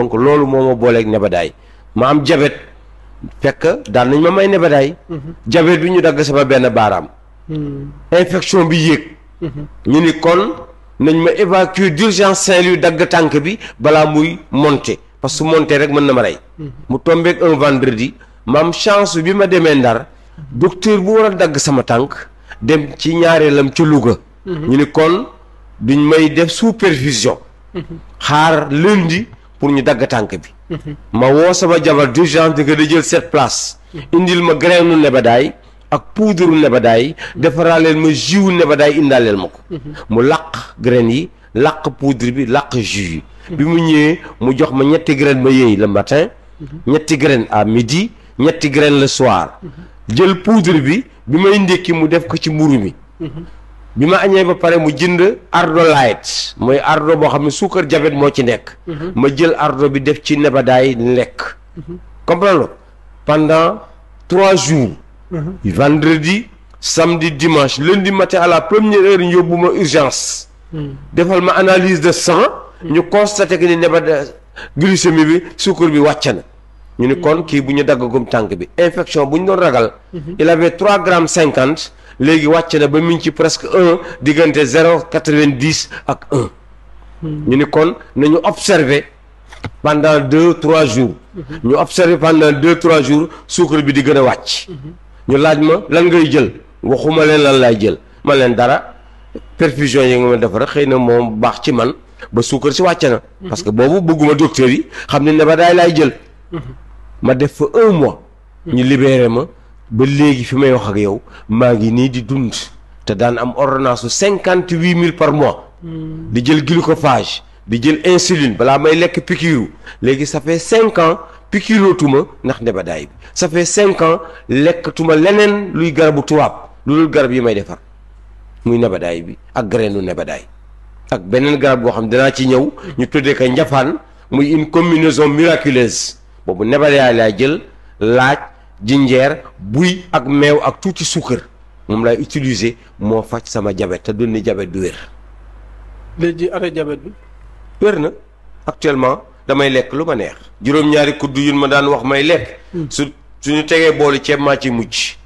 donc loolu moo ma booleeg nebadaay ma am jabet fekk daan nañ ma may nebadaay jabet bi ñu dagg sama benn baaraam hmm. infection bi yéeg hmm. ñu ni kon nañ ma évacuer d'urgence Saint-Louis dagg tànk bi balaa muy monter parce que monter rek mën na ma rey hmm. mu tombeeg un vendredi ma am chance bi ma demee ndar docteur bu war a dagg sama tànk dem ci ñaareelam ci Louga ñu ni kon duñ may def sous xaar lundi pour ñu dagg tànk bi. Mhm. ma woo sama jabar d'urgence di a jël sept place mhm. indil ma graine nebedaay ak poudre nebedaay mhm. defaraaleel ma jus nebedaay indaaleel ma ko. mu laq graine yi laq poudre bi laq jus yi. bi mu ñëwee mu jox ma ñetti graine ma yëy le matin. ñetti graine à midi ñetti graine la soir. jël poudre bi bi may ndékki mu def ko ci mburu mi. bi ma añee ba pare mu jënd ardo light mooy ardo boo xam ne suukar jabet moo ci nekk mhm. ma jël ardo bi def ci nebadaay lekk mhm. comprendre pendant trois jours mhm. vendredi samedi dimanche lundi matin à la première heure ñu yóbbu ma urgence defal ma analyse de sang ñu constaté que ni nebada glycémie bi suukar bi wàcc na ñu ni kon kii bu ñu daggagum tànk bi infection bu ñu doon ragal il avait trois grammes cinquante léegi wàcc na ba mu ngi ci presque un diggante zéro quatre-vingt-dix ak un. ñu ni kon nañu observer pendant deux trois jours. ñu observer pendant deux trois jours suukar bi di gën a wàcc. ñu laaj ma lan ngay jël waxuma leen lan laay jël ma leen dara perfusion yi nga ma def rek xëy na moom baax ci man ba suukar si wàcc na. parce que boobu bëgguma docteur yi xam ne ne ba daay laay jël. ma def fa un mois. ñu libéré ma. ba léegi fi may wax ak yow maa ngi nii di dund te daan am ordonnance cinquante huit mille par mois. Hmm. di jël glucophage di jël insuline balaa may lekk pikiiru léegi ça fait cinq pikiirootuma ndax nebadaay bi ça fait lekkatuma leneen luy garabu tubaab lu dul garab yi may defar muy nebadaay bi ak lu nebadaay ak beneen garab boo xam danaa ci ñëw ñu tuddee ko njafaan muy une combinaison miraculeuse boobu nebadaay laa jël laaj. jinjeer buy ak meew ak tuuti suukar moom laay utiliser moo fàcc sama jabet te du ni jabet du wér. léegi ana jabet bi. wér na actuellement damay lekk lu ma neex. juróom-ñaari kudd yu ma daan wax may lekk. Hmm. su suñu tegee boolu ceeb maa ci mucc.